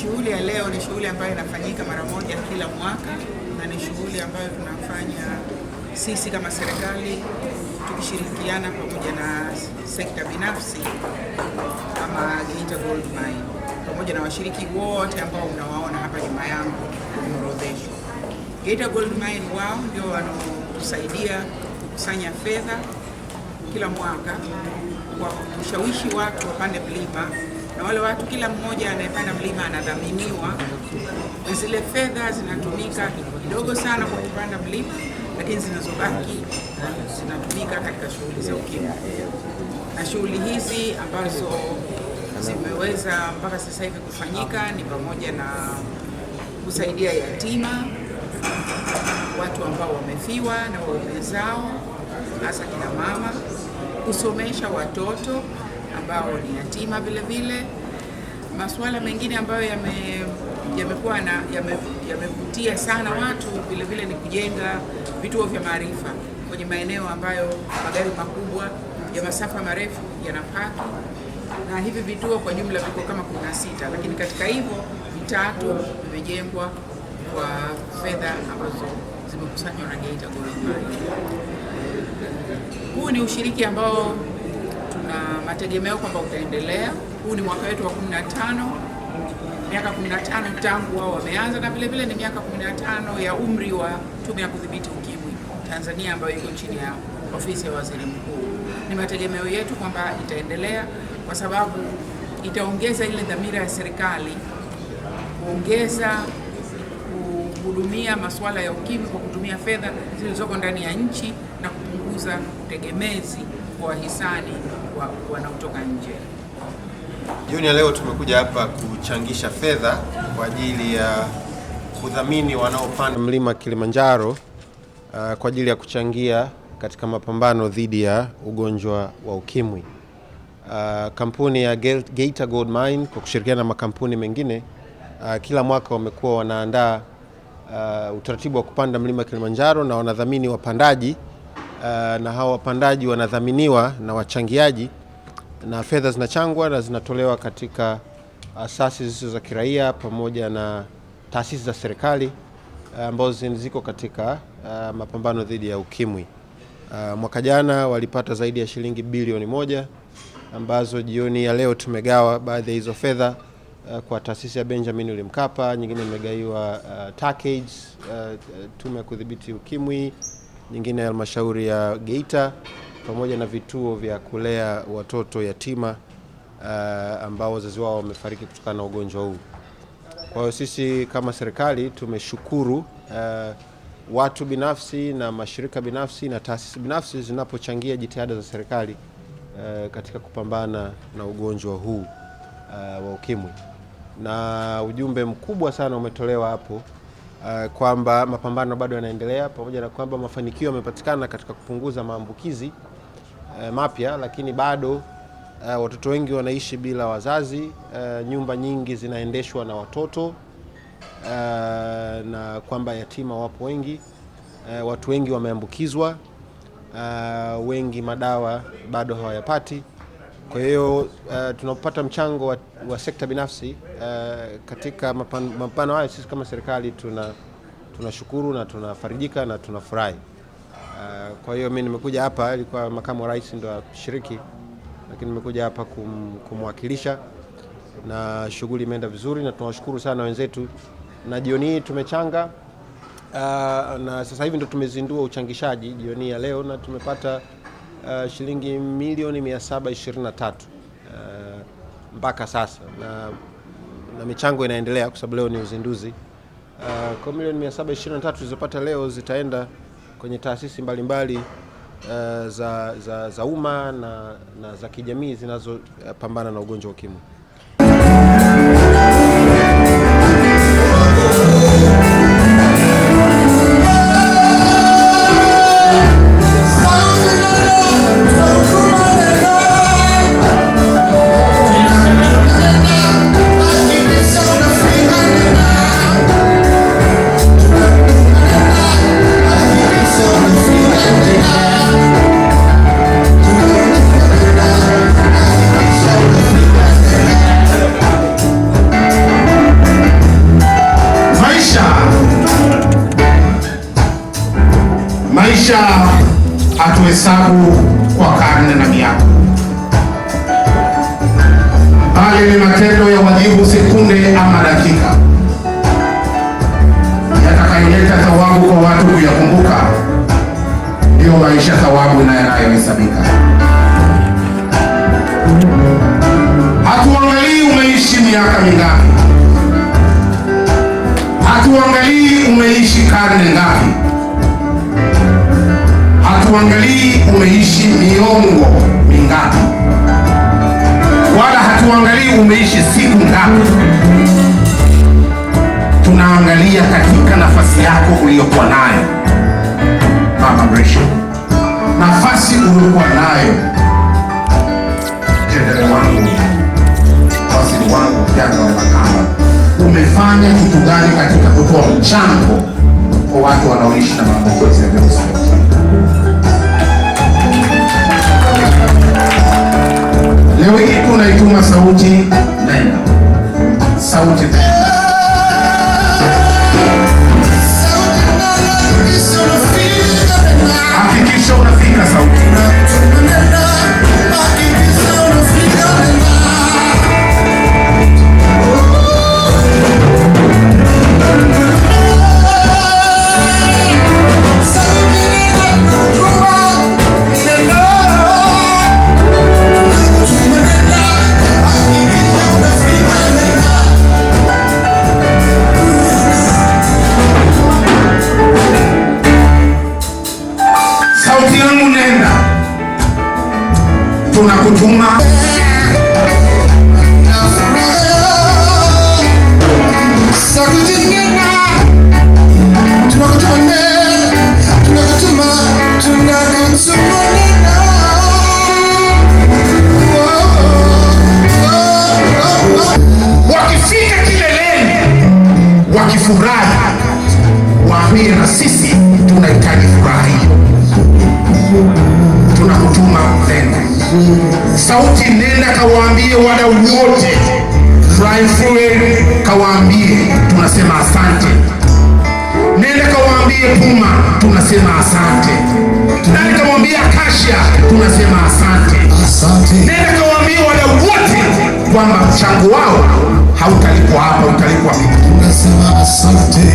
Shughuli ya leo ni shughuli ambayo inafanyika mara moja kila mwaka na ni shughuli ambayo tunafanya sisi kama serikali tukishirikiana pamoja na sekta binafsi kama Geita Gold Mine pamoja na washiriki wote ambao mnawaona hapa nyuma yangu wameorodheshwa. Geita Gold Mine wao ndio wanaotusaidia kukusanya fedha kila mwaka kwa kushawishi watu wapande mlima na wale watu, kila mmoja anayepanda mlima anadhaminiwa, na zile fedha zinatumika kidogo sana kwa kupanda mlima, lakini zinazobaki zinatumika katika shughuli za UKIMWI na shughuli hizi ambazo zimeweza mpaka sasa hivi kufanyika ni pamoja na kusaidia yatima, watu ambao wamefiwa na waume zao, hasa kina mama, kusomesha watoto ambao ni yatima vile vile. Masuala mengine ambayo yamekuwa yame yamevutia yame sana watu vile vile ni kujenga vituo vya maarifa kwenye maeneo ambayo magari makubwa ya masafa marefu yanapaki, na hivi vituo kwa jumla viko kama sita lakini katika hivyo vitatu vimejengwa kwa fedha ambazo zimekusanywa na Geita Gold Mine. Huu ni ushiriki ambao tuna mategemeo kwamba utaendelea. Huu ni mwaka wetu wa 15, miaka 15 tangu wao wameanza, na vile vile ni miaka 15 ya umri wa tume ya kudhibiti ukimwi Tanzania ambayo iko chini ya ofisi ya waziri mkuu. Ni mategemeo yetu kwamba itaendelea kwa sababu itaongeza ile dhamira ya serikali kuongeza kuhudumia masuala ya ukimwi kwa kutumia fedha zilizoko ndani ya nchi na kupunguza utegemezi kwa hisani wanaotoka nje. Jioni ya leo tumekuja hapa kuchangisha fedha kwa ajili ya kudhamini wanaopanda mlima Kilimanjaro uh, kwa ajili ya kuchangia katika mapambano dhidi ya ugonjwa wa ukimwi. Uh, kampuni ya Geita Gold Mine kwa kushirikiana na makampuni mengine uh, kila mwaka wamekuwa wanaandaa uh, utaratibu wa kupanda mlima Kilimanjaro na wanadhamini wapandaji uh, na hawa wapandaji wanadhaminiwa na wachangiaji na fedha zinachangwa na zinatolewa katika asasi zisizo za kiraia pamoja na taasisi za serikali eh, ambazo uh, ziko katika uh, mapambano dhidi ya ukimwi. Uh, mwaka jana walipata zaidi ya shilingi bilioni moja ambazo jioni ya leo tumegawa baadhi ya hizo fedha uh, kwa taasisi ya Benjamin William Mkapa, nyingine imegaiwa uh, TACAIDS uh, tume ya kudhibiti ukimwi nyingine halmashauri ya Geita pamoja na vituo vya kulea watoto yatima uh, ambao wazazi wao wamefariki kutokana na ugonjwa huu. Kwa hiyo sisi kama serikali tumeshukuru uh, watu binafsi na mashirika binafsi na taasisi binafsi zinapochangia jitihada za serikali uh, katika kupambana na ugonjwa huu uh, wa ukimwi, na ujumbe mkubwa sana umetolewa hapo uh, kwamba mapambano bado yanaendelea pamoja na kwamba mafanikio yamepatikana katika kupunguza maambukizi uh, mapya, lakini bado uh, watoto wengi wanaishi bila wazazi uh, nyumba nyingi zinaendeshwa na watoto uh, na kwamba yatima wapo wengi uh, watu wengi wameambukizwa uh, wengi madawa bado hawayapati. Kwa hiyo uh, tunapata mchango wa, wa sekta binafsi uh, katika mapano hayo. Sisi kama serikali tunashukuru na tunafarijika na tunafurahi uh, kwa hiyo mimi nimekuja hapa, ilikuwa makamu wa rais ndo ashiriki, lakini nimekuja hapa kum, kumwakilisha na shughuli imeenda vizuri na tunawashukuru sana wenzetu, na jioni hii tumechanga uh, na sasa hivi ndo tumezindua uchangishaji jioni ya leo na tumepata uh, shilingi milioni 723 uh, eh, mpaka sasa na, na michango inaendelea kwa sababu leo ni uzinduzi uh, kwa milioni 723 zilizopata leo zitaenda kwenye taasisi mbalimbali mbali, uh, za, za, za umma na, na za kijamii zinazopambana na ugonjwa wa ukimwi. yangu kwa karne na miaka. Bali ni matendo ya wajibu, sekunde ama dakika, yatakayoleta thawabu kwa watu kuyakumbuka, ndiyo maisha thawabu na yanayohesabika. Hatuangalii umeishi miaka mingapi, hatuangalii umeishi karne ngapi hatuangalii umeishi miongo mingapi, wala hatuangalii umeishi siku ngapi. Tunaangalia katika nafasi yako uliyokuwa nayo, Mama nafasi uliyokuwa nayo cendere wangu wasili wangu umefanya kitu gani katika kutoa mchango kwa watu wanaoishi na maambukizi ya virusi Leo hii tunaituma sauti, nenda sauti, nenda kutuma wakifika kileleni, wakifurahi, waambie na sisi tunahitaji sauti, nenda kawaambie wadau wote, Braifue kawaambie tunasema asante, nenda kawaambie Puma tunasema asante, nenda kawaambie Akasha tunasema asante, asante. Nenda kawaambie wadau wote kwamba mchango wao hautalipwa hapa, utalipwa vipi. Tunasema asante.